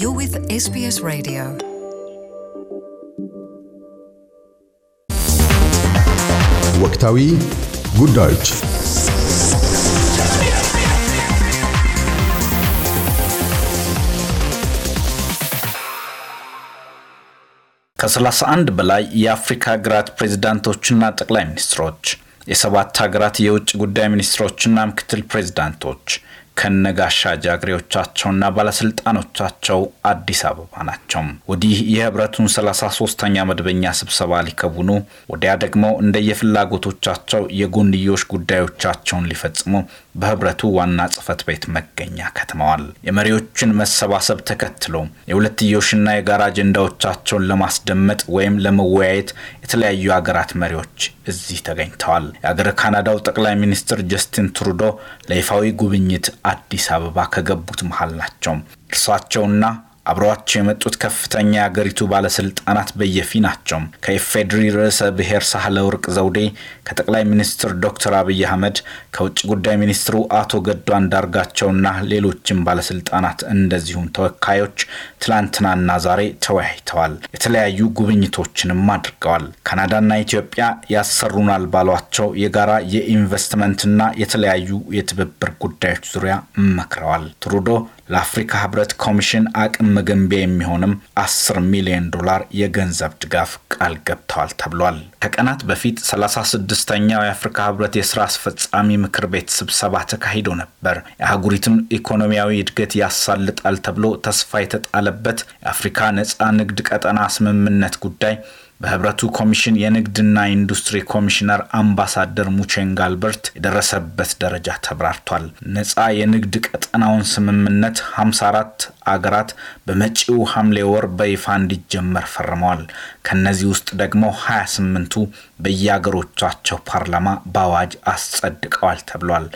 You're with SBS Radio. ወቅታዊ ጉዳዮች ከ31 በላይ የአፍሪካ ሀገራት ፕሬዝዳንቶችና ጠቅላይ ሚኒስትሮች የሰባት ሀገራት የውጭ ጉዳይ ሚኒስትሮችና ምክትል ፕሬዝዳንቶች ከነጋሻ ጃግሬዎቻቸውና ባለስልጣኖቻቸው አዲስ አበባ ናቸው። ወዲህ የህብረቱን ሰላሳ ሶስተኛ መደበኛ ስብሰባ ሊከውኑ፣ ወዲያ ደግሞ እንደየፍላጎቶቻቸው የጎንዮሽ ጉዳዮቻቸውን ሊፈጽሙ በህብረቱ ዋና ጽህፈት ቤት መገኛ ከትመዋል። የመሪዎችን መሰባሰብ ተከትሎ የሁለትዮሽና የጋራ አጀንዳዎቻቸውን ለማስደመጥ ወይም ለመወያየት የተለያዩ ሀገራት መሪዎች እዚህ ተገኝተዋል። የአገረ ካናዳው ጠቅላይ ሚኒስትር ጀስቲን ትሩዶ ለይፋዊ ጉብኝት አዲስ አበባ ከገቡት መሀል ናቸው። እርሳቸውና አብረዋቸው የመጡት ከፍተኛ የአገሪቱ ባለስልጣናት በየፊ ናቸው። ከኢፌዴሪ ርዕሰ ብሔር ሳህለ ወርቅ ዘውዴ፣ ከጠቅላይ ሚኒስትር ዶክተር አብይ አህመድ፣ ከውጭ ጉዳይ ሚኒስትሩ አቶ ገዱ አንዳርጋቸውና ሌሎችም ባለስልጣናት እንደዚሁም ተወካዮች ትላንትናና ዛሬ ተወያይተዋል። የተለያዩ ጉብኝቶችንም አድርገዋል። ካናዳና ኢትዮጵያ ያሰሩናል ባሏቸው የጋራ የኢንቨስትመንትና የተለያዩ የትብብር ጉዳዮች ዙሪያ መክረዋል። ትሩዶ ለአፍሪካ ህብረት ኮሚሽን አቅም መገንቢያ የሚሆንም 10 ሚሊዮን ዶላር የገንዘብ ድጋፍ ቃል ገብተዋል ተብሏል። ከቀናት በፊት 36ኛው የአፍሪካ ህብረት የስራ አስፈጻሚ ምክር ቤት ስብሰባ ተካሂዶ ነበር። የአህጉሪቱን ኢኮኖሚያዊ እድገት ያሳልጣል ተብሎ ተስፋ የተጣለበት የአፍሪካ ነፃ ንግድ ቀጠና ስምምነት ጉዳይ በህብረቱ ኮሚሽን የንግድና ኢንዱስትሪ ኮሚሽነር አምባሳደር ሙቼንግ አልበርት የደረሰበት ደረጃ ተብራርቷል። ነፃ የንግድ ቀጠናውን ስምምነት 54 አገራት በመጪው ሐምሌ ወር በይፋ እንዲጀመር ፈርመዋል። ከነዚህ ውስጥ ደግሞ 28ቱ በየአገሮቻቸው ፓርላማ በአዋጅ አስጸድቀዋል ተብሏል።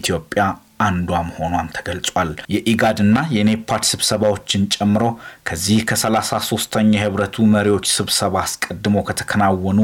ኢትዮጵያ አንዷም ሆኗም ተገልጿል። የኢጋድና የኔፓድ ስብሰባዎችን ጨምሮ ከዚህ ከሰላሳ ሶስተኛ የህብረቱ መሪዎች ስብሰባ አስቀድሞ ከተከናወኑ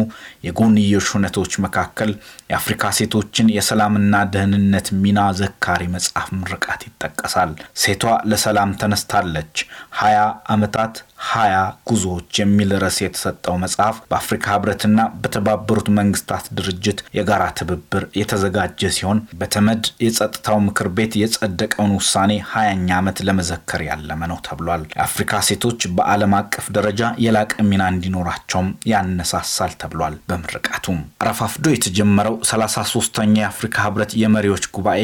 የጎንዮሽ ሁነቶች መካከል የአፍሪካ ሴቶችን የሰላምና ደህንነት ሚና ዘካሪ መጽሐፍ ምርቃት ይጠቀሳል። ሴቷ ለሰላም ተነስታለች ሀያ ዓመታት ሀያ ጉዞዎች የሚል ርዕስ የተሰጠው መጽሐፍ በአፍሪካ ህብረትና በተባበሩት መንግስታት ድርጅት የጋራ ትብብር የተዘጋጀ ሲሆን በተመድ የጸጥታው ምክር ምክር ቤት የጸደቀውን ውሳኔ ሀያኛ ዓመት ለመዘከር ያለመ ነው ተብሏል። የአፍሪካ ሴቶች በዓለም አቀፍ ደረጃ የላቀ ሚና እንዲኖራቸውም ያነሳሳል ተብሏል። በምርቃቱም አረፋፍዶ የተጀመረው 33ኛ የአፍሪካ ህብረት የመሪዎች ጉባኤ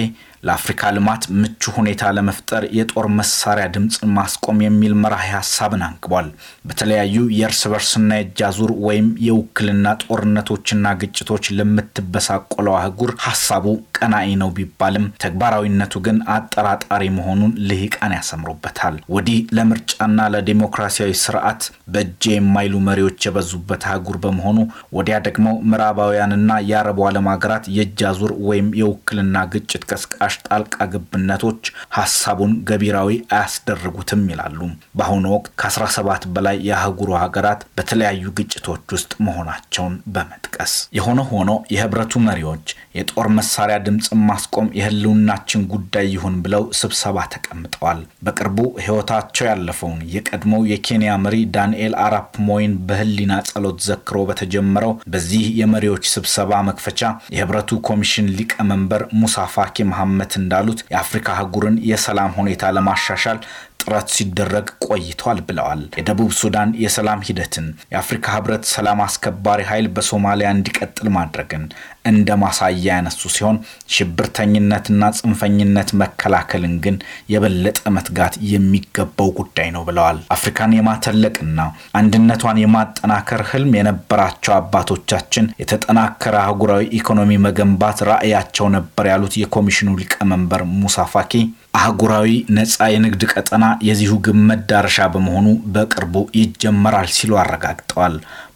ለአፍሪካ ልማት ምቹ ሁኔታ ለመፍጠር የጦር መሳሪያ ድምፅ ማስቆም የሚል መራሄ ሀሳብን አንግቧል። በተለያዩ የእርስ በርስና የእጅ አዙር ወይም የውክልና ጦርነቶችና ግጭቶች ለምትበሳቆለው አህጉር ሀሳቡ ቀናኢ ነው ቢባልም ተግባራዊነቱ ግን አጠራጣሪ መሆኑን ልሂቃን ያሰምሩበታል። ወዲህ ለምርጫና ለዲሞክራሲያዊ ስርዓት በእጄ የማይሉ መሪዎች የበዙበት አህጉር በመሆኑ ወዲያ ደግሞ ምዕራባውያንና የአረቡ ዓለም ሀገራት የእጅ አዙር ወይም የውክልና ግጭት ቀስቃሽ ሰራሽ ጣልቃ ግብነቶች ሀሳቡን ገቢራዊ አያስደርጉትም ይላሉ። በአሁኑ ወቅት ከ17 በላይ የአህጉሩ ሀገራት በተለያዩ ግጭቶች ውስጥ መሆናቸውን በመጥቀስ የሆነ ሆኖ የህብረቱ መሪዎች የጦር መሳሪያ ድምፅን ማስቆም የህልውናችን ጉዳይ ይሁን ብለው ስብሰባ ተቀምጠዋል። በቅርቡ ህይወታቸው ያለፈውን የቀድሞው የኬንያ መሪ ዳንኤል አራፕ ሞይን በህሊና ጸሎት ዘክሮ በተጀመረው በዚህ የመሪዎች ስብሰባ መክፈቻ የህብረቱ ኮሚሽን ሊቀመንበር ሙሳ ፋኪ መሐመድ አህመድ እንዳሉት የአፍሪካ አህጉርን የሰላም ሁኔታ ለማሻሻል ጥረት ሲደረግ ቆይቷል ብለዋል። የደቡብ ሱዳን የሰላም ሂደትን የአፍሪካ ህብረት ሰላም አስከባሪ ኃይል በሶማሊያ እንዲቀጥል ማድረግን እንደ ማሳያ ያነሱ ሲሆን ሽብርተኝነትና ጽንፈኝነት መከላከልን ግን የበለጠ መትጋት የሚገባው ጉዳይ ነው ብለዋል። አፍሪካን የማተለቅና አንድነቷን የማጠናከር ህልም የነበራቸው አባቶቻችን የተጠናከረ አህጉራዊ ኢኮኖሚ መገንባት ራዕያቸው ነበር ያሉት የኮሚሽኑ ሊቀመንበር ሙሳ ፋኪ አህጉራዊ ነፃ የንግድ ቀጠና የዚሁ ግብ መዳረሻ በመሆኑ በቅርቡ ይጀመራል ሲሉ አረጋግጠዋል።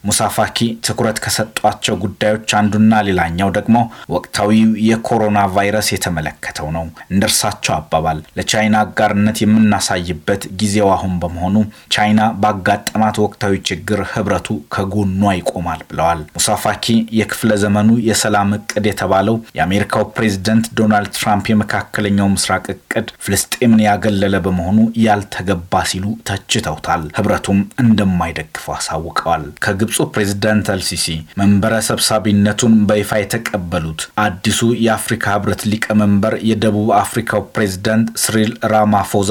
ሙሳፋኪ ትኩረት ከሰጧቸው ጉዳዮች አንዱና ሌላኛው ደግሞ ወቅታዊው የኮሮና ቫይረስ የተመለከተው ነው። እንደ እርሳቸው አባባል ለቻይና አጋርነት የምናሳይበት ጊዜው አሁን በመሆኑ ቻይና ባጋጠማት ወቅታዊ ችግር ህብረቱ ከጎኗ ይቆማል ብለዋል። ሙሳፋኪ የክፍለ ዘመኑ የሰላም እቅድ የተባለው የአሜሪካው ፕሬዚደንት ዶናልድ ትራምፕ የመካከለኛው ምስራቅ እቅድ ፍልስጤምን ያገለለ በመሆኑ ያልተገባ ሲሉ ተችተውታል። ህብረቱም እንደማይደግፈው አሳውቀዋል። ከግብ የግብፁ ፕሬዝዳንት አልሲሲ መንበረ ሰብሳቢነቱን በይፋ የተቀበሉት አዲሱ የአፍሪካ ህብረት ሊቀመንበር የደቡብ አፍሪካው ፕሬዝዳንት ስሪል ራማፎዛ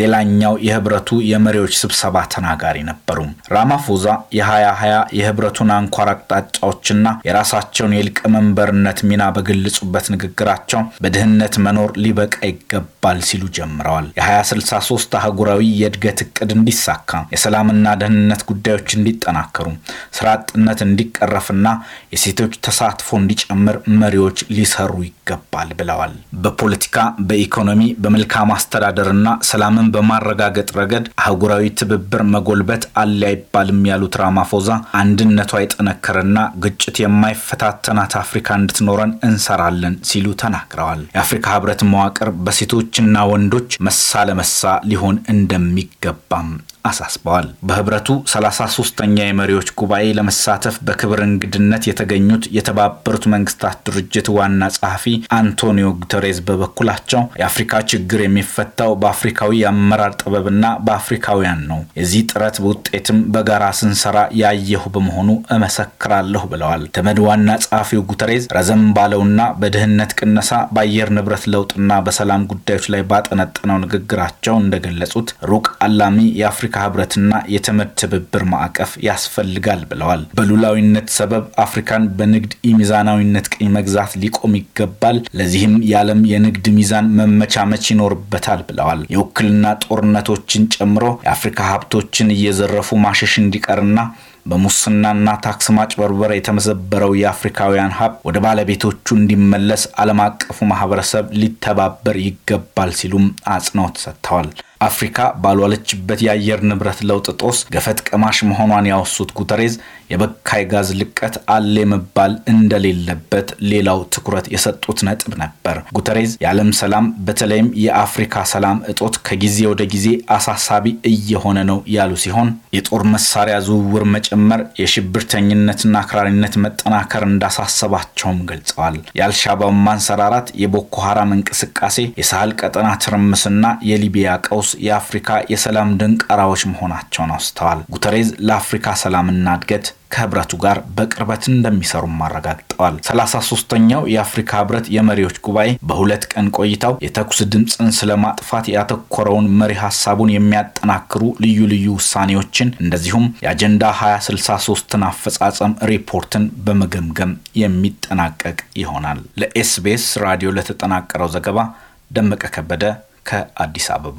ሌላኛው የህብረቱ የመሪዎች ስብሰባ ተናጋሪ ነበሩ። ራማፎዛ የ2020 የህብረቱን አንኳር አቅጣጫዎችና የራሳቸውን የሊቀመንበርነት ሚና በገለጹበት ንግግራቸው በድህነት መኖር ሊበቃ ይገባል ሲሉ ጀምረዋል። የ2063 አህጉራዊ የእድገት እቅድ እንዲሳካ፣ የሰላምና ደህንነት ጉዳዮች እንዲጠናከሩ፣ ስራ አጥነት እንዲቀረፍና የሴቶች ተሳትፎ እንዲጨምር መሪዎች ሊሰሩ ይገባል ብለዋል። በፖለቲካ በኢኮኖሚ በመልካም አስተዳደርና ሰላምን ሰላምን በማረጋገጥ ረገድ አህጉራዊ ትብብር መጎልበት አለ አይባልም ያሉት ራማፎዛ አንድነቷ የጠነከረና ግጭት የማይፈታተናት አፍሪካ እንድትኖረን እንሰራለን ሲሉ ተናግረዋል። የአፍሪካ ህብረት መዋቅር በሴቶችና ወንዶች መሳ ለመሳ ሊሆን እንደሚገባም አሳስበዋል። በህብረቱ 33ኛ የመሪዎች ጉባኤ ለመሳተፍ በክብር እንግድነት የተገኙት የተባበሩት መንግስታት ድርጅት ዋና ጸሐፊ አንቶኒዮ ጉተሬዝ በበኩላቸው የአፍሪካ ችግር የሚፈታው በአፍሪካዊ የአመራር ጥበብና በአፍሪካውያን ነው። የዚህ ጥረት ውጤትም በጋራ ስንሰራ ያየሁ በመሆኑ እመሰክራለሁ ብለዋል። ተመድ ዋና ጸሐፊው ጉተሬዝ ረዘም ባለውና በድህነት ቅነሳ በአየር ንብረት ለውጥና በሰላም ጉዳዮች ላይ ባጠነጠነው ንግግራቸው እንደገለጹት ሩቅ አላሚ የአፍሪካ የአፍሪካ ህብረትና የተመድ ትብብር ማዕቀፍ ያስፈልጋል ብለዋል። በሉላዊነት ሰበብ አፍሪካን በንግድ ሚዛናዊነት ቅኝ መግዛት ሊቆም ይገባል። ለዚህም የዓለም የንግድ ሚዛን መመቻመች ይኖርበታል ብለዋል። የውክልና ጦርነቶችን ጨምሮ የአፍሪካ ሀብቶችን እየዘረፉ ማሸሽ እንዲቀርና በሙስናና ታክስ ማጭበርበር የተመዘበረው የአፍሪካውያን ሀብት ወደ ባለቤቶቹ እንዲመለስ ዓለም አቀፉ ማህበረሰብ ሊተባበር ይገባል ሲሉም አጽንኦት ሰጥተዋል። አፍሪካ ባልዋለችበት የአየር ንብረት ለውጥ ጦስ ገፈት ቀማሽ መሆኗን ያወሱት ጉተሬዝ የበካይ ጋዝ ልቀት አለ መባል እንደሌለበት ሌላው ትኩረት የሰጡት ነጥብ ነበር። ጉተሬዝ የዓለም ሰላም በተለይም የአፍሪካ ሰላም እጦት ከጊዜ ወደ ጊዜ አሳሳቢ እየሆነ ነው ያሉ ሲሆን የጦር መሳሪያ ዝውውር መጨመር፣ የሽብርተኝነትና አክራሪነት መጠናከር እንዳሳሰባቸውም ገልጸዋል። የአልሻባብ ማንሰራራት፣ የቦኮ ሀራም እንቅስቃሴ፣ የሳህል ቀጠና ትርምስና የሊቢያ ቀውስ የአፍሪካ የሰላም ድንቅ አራዎች መሆናቸውን አውስተዋል። ጉተሬዝ ለአፍሪካ ሰላምና እድገት ከህብረቱ ጋር በቅርበት እንደሚሰሩም አረጋግጠዋል። ሰላሳ ሶስተኛው የአፍሪካ ህብረት የመሪዎች ጉባኤ በሁለት ቀን ቆይታው የተኩስ ድምፅን ስለማጥፋት ያተኮረውን መሪ ሀሳቡን የሚያጠናክሩ ልዩ ልዩ ውሳኔዎችን እንደዚሁም የአጀንዳ 2063ን አፈጻጸም ሪፖርትን በመገምገም የሚጠናቀቅ ይሆናል። ለኤስቢኤስ ራዲዮ ለተጠናቀረው ዘገባ ደመቀ ከበደ ከአዲስ አበባ